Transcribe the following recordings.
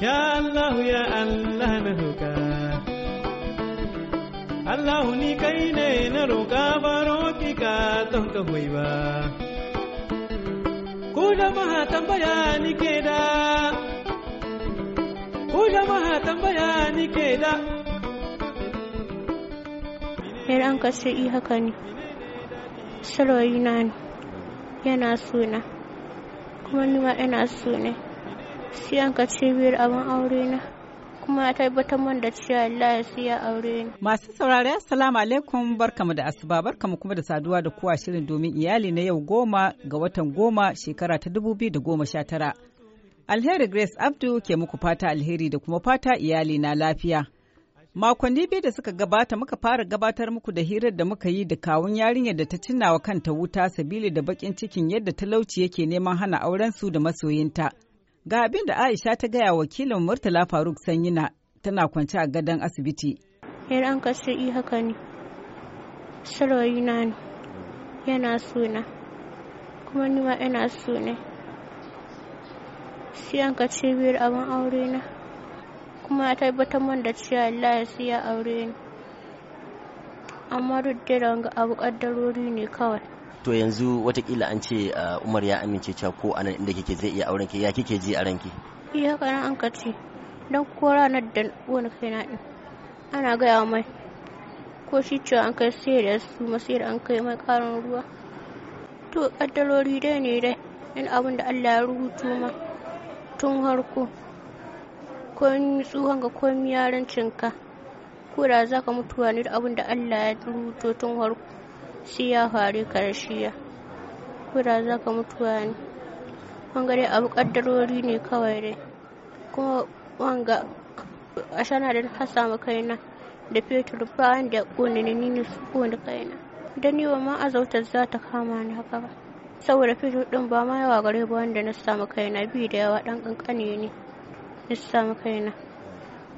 Ya Allah ya Allah na roƙa Allah ni kai ne na roƙa baro ki ka don ka hoyi ba Ku jama'a tambaya ni ke da Ku jama'a tambaya ni ke da Yar an kasu i haka ne Saroyi na yana suna kuma ni ma ina suna siyan ka cibiyar abin aure na kuma ya tabbatar man da cewa Allah ya siya aure ni. Masu saurari assalamu alaikum barkamu da asuba barkamu kuma da saduwa da kuwa shirin domin iyali na yau goma ga watan goma shekara ta dubu biyu da goma sha tara. Alheri Grace Abdu ke muku fata alheri da kuma fata iyali na lafiya. Makonni biyu da suka gabata muka fara gabatar muku da hirar da muka yi da kawun yarinyar da ta wa kanta wuta sabili da bakin cikin yadda talauci yake neman hana aurensu da masoyinta. Ga abin da Aisha ta gaya wakilin Murtala Faruk Sanyina tana kwance a gadon asibiti. Yar an kashe yi haka ne, sarwayi na ne, yana suna, kuma ni ma yana suna. Sai an kace biyar abin aure na, kuma ya tabbatar man da cewa Allah ya siya aure ni. Amma duk da abu kaddarori ne kawai. to yanzu watakila an ce uh, umar ya amince cewa ko anan inda kike zai iya auren ki ya kike ji a ranki iya kana an ka ce dan ko ranar da wani kai na din ana gaya mai ko shi ce an kai sai da su masir an kai mai karin ruwa to kaddalori dai ne dai in abin da Allah ya rubuto ma tun harko komi tsohon ga komi yarancinka ko da zaka mutuwa ne da abin da Allah ya rubuto tun harko sai ya faru karshe kura za ka mutuwa ne wanga abu kaddarori ne kawai dai kuma wanga a shana da na samu kaina da fetur bayan da kone ne ni su kone kaina idan ni ma azautar za ta kama ni haka ba saboda fetur din ba ma yawa gare ba wanda na samu kaina bi da yawa dan kankane ne na samu kaina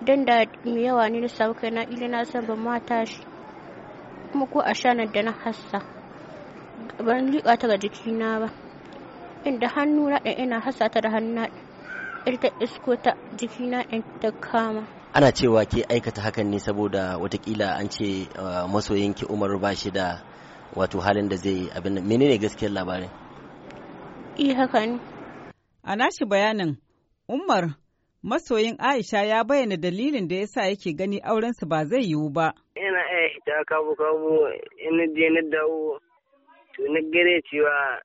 don da mai yawa ne na samu kaina ila na san ban ma tashi kuma ko a shanar da na hassa ban liƙa ta ga jikina ba inda hannu na ɗan ina hasa ta da hannu irta isko ta jikina ɗan ta kama ana cewa ke aikata hakan ne saboda watakila an ce uh, masoyinki umaru ba shi da wato halin da zai abin nan menene gaskiyar labarin i haka ne a nashi bayanin umar masoyin aisha ya bayyana dalilin da yasa yake gani aurensu ba zai yiwu ba ita, kabu kabu ina je na dawo to na gare cewa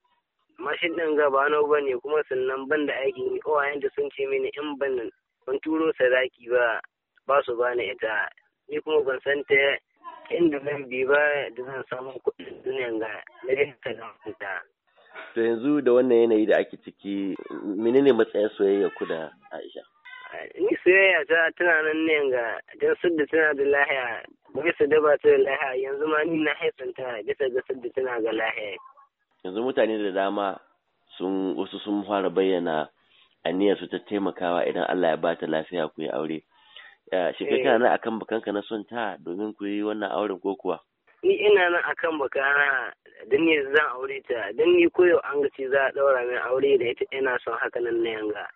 mashin ɗin gaba na ba ne kuma sannan ban da aikin yi kawayen yadda sun ce mini in ban ban turo sadaki ba ba su ba ita ni kuma ban san ta inda zan bi ba da zan samu kuɗin duniyan ga na ta ta. To yanzu da wannan yanayi da ake ciki menene matsayin soyayya ku da Aisha? Ni soyayya ta tana nan ne ga don sadda tana da lahiya bisa da ba ta lahiya yanzu ma ni na ta bisa ga da tana ga lahiya yanzu mutane da dama sun wasu sun fara bayyana aniyar su ta taimakawa idan Allah ya ba ta lafiya ku yi aure shi ka kana eh. nan akan bakanka na son ta domin ku yi wannan auren ko kuwa ni ina nan akan bakana don ne zan aure ta don ni koyo an gaci za a daura min aure da ita ina son haka nan na yanga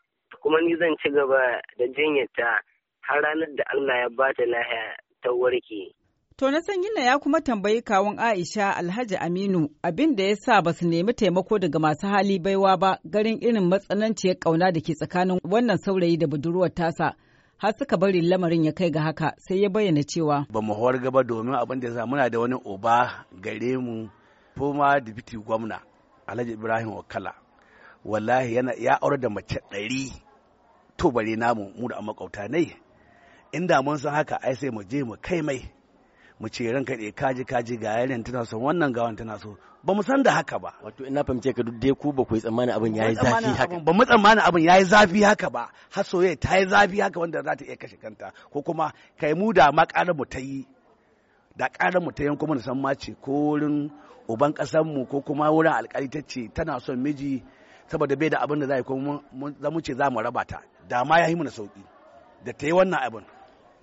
kuma ni zan ci gaba da jinyarta har ranar da Allah ya ba ta lahiya ta warke. To na san yinna ya kuma tambayi kawun Aisha Alhaji Aminu abin da ya sa ba su nemi taimako daga masu hali baiwa ba garin irin matsananciyar ƙauna da ke tsakanin wannan saurayi da budurwar tasa. har suka bari lamarin ya kai ga haka sai ya bayyana cewa ba mu hawar gaba domin abin da ya muna da wani oba gare mu ma dibiti gwamna alhaji ibrahim wakala wallahi yana ya aure da mace ɗari to bare namu mu da makauta ne inda mun san haka ai sai mu je mu kai mai mu ce ranka ne kaji kaji ga yaren tana so wannan wannan tana so ba mu san da haka ba wato ina fahimce ka duk dai ku ba ku yi tsammanin abin yayi zafi haka ba mu tsammani abin yayi zafi haka ba har soyayya ta yi zafi haka wanda za ta iya kashe kanta ko kuma kai mu da ma ƙara mu ta yi da ƙara mu ta kuma na san ma ce ko wurin uban ƙasar mu ko kuma wurin alƙali ta ce tana son miji saboda bai da abin da za yi ko mu ce za mu raba ta da ma ya yi mu na sauki da ta yi wannan abin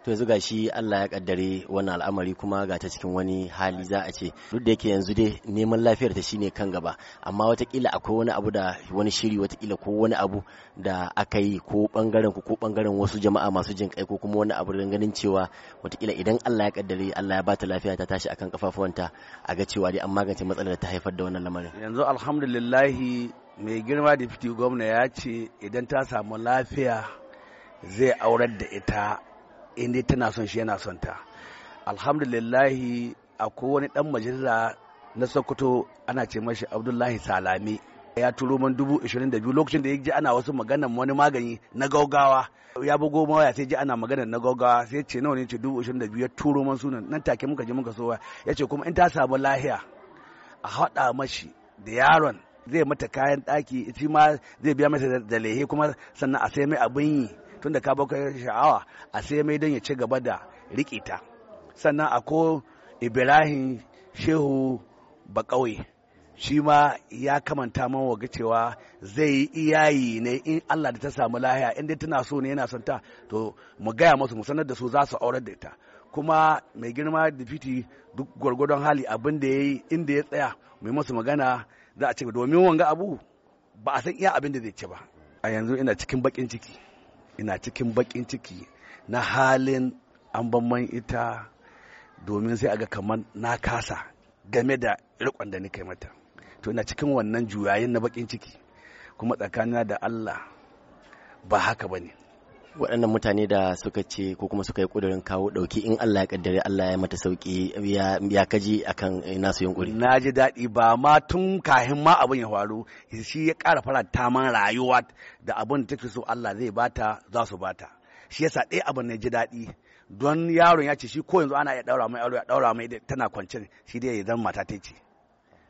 to yanzu shi Allah ya kaddare wannan al'amari kuma ga ta cikin wani hali za a ce duk da yake yanzu dai neman lafiyar ta shine kan gaba amma watakila akwai wani abu da wani shiri watakila ko wani abu da aka yi ko bangaren ku ko bangaren wasu jama'a masu jin kai ko kuma wani abu da ganin cewa watakila idan Allah ya kaddare Allah ya bata lafiya ta tashi akan kafafuwanta a ga cewa dai an magance matsalar ta haifar da wannan lamarin yanzu alhamdulillahi mai girma da fiti gwamna ya ce idan ta samu lafiya zai aurar da ita in dai tana son shi yana son ta alhamdulillahi akwai wani dan majalisa na sokoto ana ce mashi abdullahi salami ya turo man dubu ishirin da biyu lokacin da ya ji ana wasu magana wani magani na gaugawa ya bugo mawaya sai ji ana magana na gaugawa sai ce nawa ne ce dubu ishirin da biyu ya turo man sunan nan take muka je muka sowa ya ce kuma in ta samu lahiya a haɗa mashi da yaron zai mata kayan ɗaki shi ma zai biya mata da lehe kuma sannan a sai mai abin yi tunda ka kai sha'awa a sai mai don ya ci gaba da rikita, ta sannan ako ibrahim shehu bakawai shi ma ya kamanta man waga cewa zai yi iyayi ne in Allah da ta samu lahiya inda tana so ne yana son ta to mu gaya masu mu sanar da su za su aurar da ita kuma mai girma da fiti duk gwargwadon hali abin da ya yi inda ya tsaya mai masu magana za a ce domin wanga abu ba a san iya abin da zai ci ba a yanzu ina cikin bakin ciki ina cikin bakin ciki na halin an ban ita domin sai aga kamar na kasa game da rikon da kai mata to ina cikin wannan juyayin na bakin ciki kuma tsakanina da Allah ba haka bane waɗannan mutane da suka ce ko kuma suka yi ƙudurin kawo ɗauki in Allah ya ƙaddare Allah ya mata sauki ya kaji akan eh, nasu yunƙuri. na ji daɗi ba ma tun kahin ma abin ya faru shi ya ƙara faranta man rayuwa da abin da take so Allah zai bata za su bata shi yasa ɗaya abin na ji daɗi don yaron ya ce shi ko yanzu ana iya ɗaura mai aure ya ɗaura mai tana kwance shi dai ya zama mata ta ce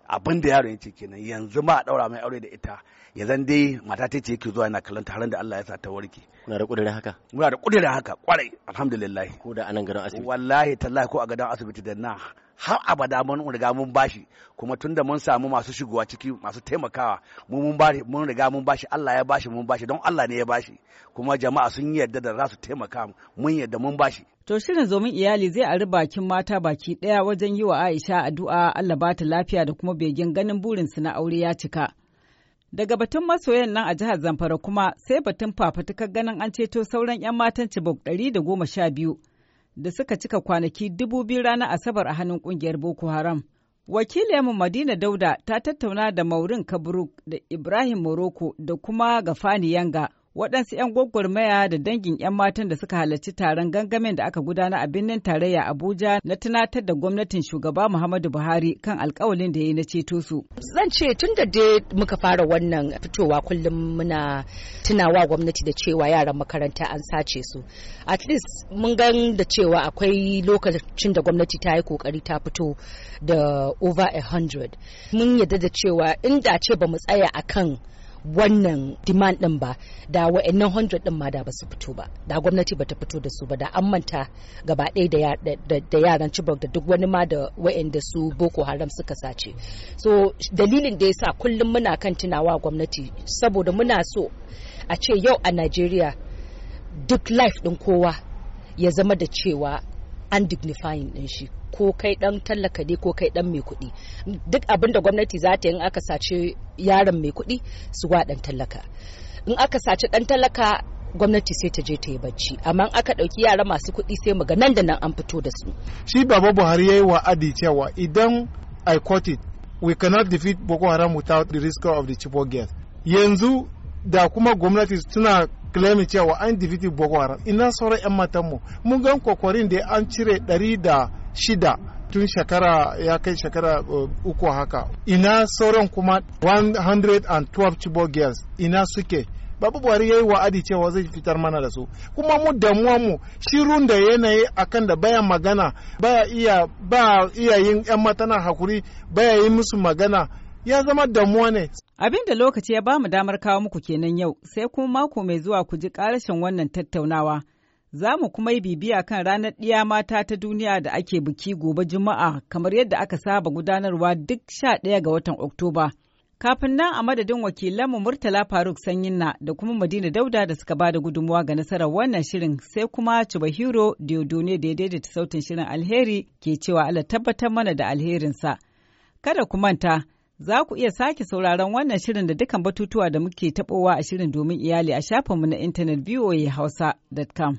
abin da yaron ya ce kenan yanzu ma a ɗaura mai aure da ita ya zan dai mata ta ce yake zuwa yana kallon ta har da Allah ya sa ta warke Kuna da kudirin haka? Muna da kudirin haka kwarai alhamdulillah. Ko da anan gadon asibiti? Wallahi tallahi ko a gadon asibiti da na har abada mun riga mun bashi kuma tunda mun samu masu shigowa ciki masu taimakawa mun riga mun bashi Allah ya bashi mun bashi don Allah ne ya bashi kuma jama'a sun yarda da za su taimaka mun yarda mun bashi to shirin zomin iyali zai ari bakin mata baki ɗaya wajen yi wa Aisha addu'a Allah ba ta lafiya da kuma begen ganin burinsu na aure ya cika Daga batun masoyan nan a jihar Zamfara kuma sai batun fafatukar ganin an ceto sauran 'yan matan Chibok 112 da suka cika kwanaki dubu biyu ranar Asabar a hannun kungiyar Boko Haram. Wakiliyarmu Madina Dauda ta tattauna da Maurin Kabruk da Ibrahim Moroko da kuma Gafani Yanga waɗansu 'yan gwagwarmaya da dangin 'yan matan da suka halarci taron gangamin da aka gudana a birnin tarayya Abuja na tunatar da gwamnatin shugaba Muhammadu Buhari kan alkawalin da ya yi na ceto su. Zan ce tun da dai muka fara wannan fitowa kullum muna tunawa gwamnati da cewa yaran makaranta an sace su. At least mun gan da cewa akwai lokacin da gwamnati ta yi kokari ta fito da over a hundred. Mun yadda da cewa inda ce ba mu tsaya akan wannan demand din ba da wa'annan 100 din ma da ba su fito ba da gwamnati ba ta fito da su ba da an manta gaba ɗaya da yaran Chibok da duk wani ma da wa'anda su Boko Haram suka sace so dalilin da yasa kullum muna kan tunawa gwamnati saboda muna so a ce yau a Najeriya duk life din kowa ya zama da cewa an dignifying din shi ko kai dan tallaka ne ko kai dan mai kuɗi duk abin da gwamnati za ta yi in aka sace yaron mai kuɗi su wa dan tallaka in aka sace dan tallaka gwamnati sai ta je ta yi bacci amma in aka ɗauki yara masu kuɗi sai mu ga nan da nan an fito da su shi baba buhari yayi wa'adi cewa idan i quote it we cannot defeat boko haram without the risk of the chibok girls yanzu da kuma gwamnati suna claim cewa an defeat boko haram ina sauran yan matan mu mun ga kokorin da an cire ɗari da shida tun shekara ya kai shekara uh, uku haka ina sauran kuma 112 chibok girls ina suke babu buhari ya yi wa'adi cewa zai fitar mana da su kuma mu damuwa mu shirun da yanayi akan da baya magana baya iya ba iya yin yan matana hakuri baya yi musu magana ya zama damuwa ne abin da lokaci ya ba mu damar kawo muku kenan yau sai kuma mako mai zuwa ku ji karashin wannan tattaunawa Za mu kuma yi bibiya kan ranar ɗiya mata ta duniya da ake biki gobe Juma'a kamar yadda aka saba gudanarwa duk sha ɗaya ga watan Oktoba. Kafin nan a madadin wakilanmu Murtala Faruk na da kuma Madina Dauda da suka bada gudunmawa ga nasarar wannan shirin sai kuma Chubahiro Diodone da ta sautin shirin alheri ke cewa Allah tabbatar mana da alherinsa. Kada ku manta, za ku iya sake sauraron wannan shirin da dukkan batutuwa da muke tabowa a shirin domin iyali a shafinmu na intanet voahausa.com.